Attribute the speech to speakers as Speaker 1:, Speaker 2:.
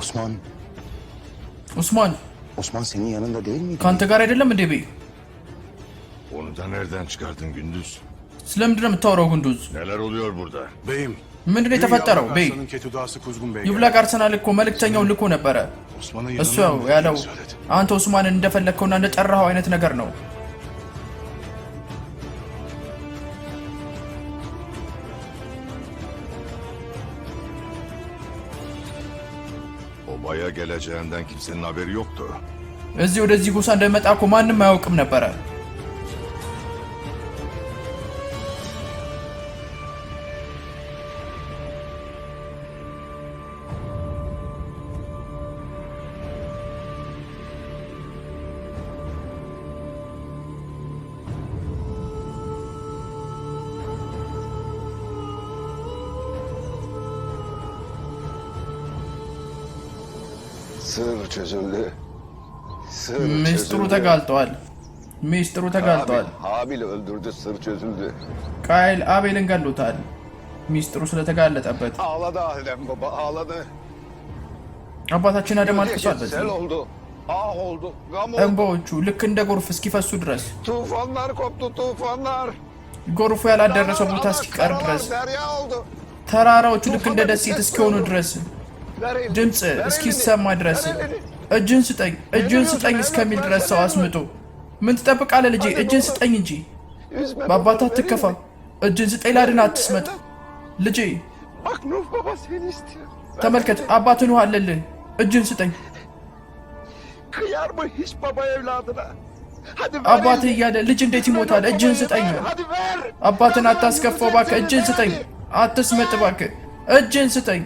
Speaker 1: Osman. Osman. Osman senin yanında değil miydi?
Speaker 2: Kantegar አይደለም እንዴ በይ
Speaker 3: Onu da nereden çıkardın Gündüz?
Speaker 2: ስለምንድን ነው የምታወራው ጉንዱዝ?
Speaker 3: Neler oluyor burada?
Speaker 4: Beyim.
Speaker 2: ምንድን ነው የተፈጠረው? በይ Arslan'ın ketudası Kuzgun Bey. ይብላክ አርሰናል እኮ መልእክተኛውን ልኮ ነበረ። Osman'ın yanına እሱ ያው ያለው አንተ ኦስማንን እንደፈለግከውና እንደጠራኸው አይነት ነገር ነው።
Speaker 3: Obaya geleceğinden kimsenin haberi yoktu።
Speaker 2: እዚህ ወደዚህ ጎሳ እንደመጣ እኮ ማንም አያውቅም ነበረ።
Speaker 1: ስር ተጀምለ
Speaker 2: ሚስጥሩ ተጋልጧል። ሚስጥሩ ተጋልጧል። ቃይል አቤልን ገሎታል። ሚስጥሩ ስለተጋለጠበት አባታችን አደም አልቅሷል። እንባዎቹ ልክ እንደ ጎርፍ እስኪፈሱ ድረስ ጎርፉ ያላደረሰው ቦታ እስኪቀር ድረስ ተራራዎቹ ልክ እንደ ደሴት እስኪሆኑ ድረስ ድምፅ እስኪሰማ ድረስ እጅን ስጠኝ እጅን ስጠኝ እስከሚል ድረስ ሰው አስምጡ። ምን ትጠብቃለህ ልጄ? እጅን ስጠኝ እንጂ በአባት አትከፋ። እጅን ስጠኝ ላድን አትስመጥ ልጄ። ተመልከት አባትን ውሃ አለልህ። እጅን ስጠኝ አባት እያለ ልጅ እንዴት ይሞታል? እጅህን ስጠኝ። አባትን አታስከፋው እባክህ። እጅህን ስጠኝ። አትስመጥ እባክህ። እጅህን ስጠኝ።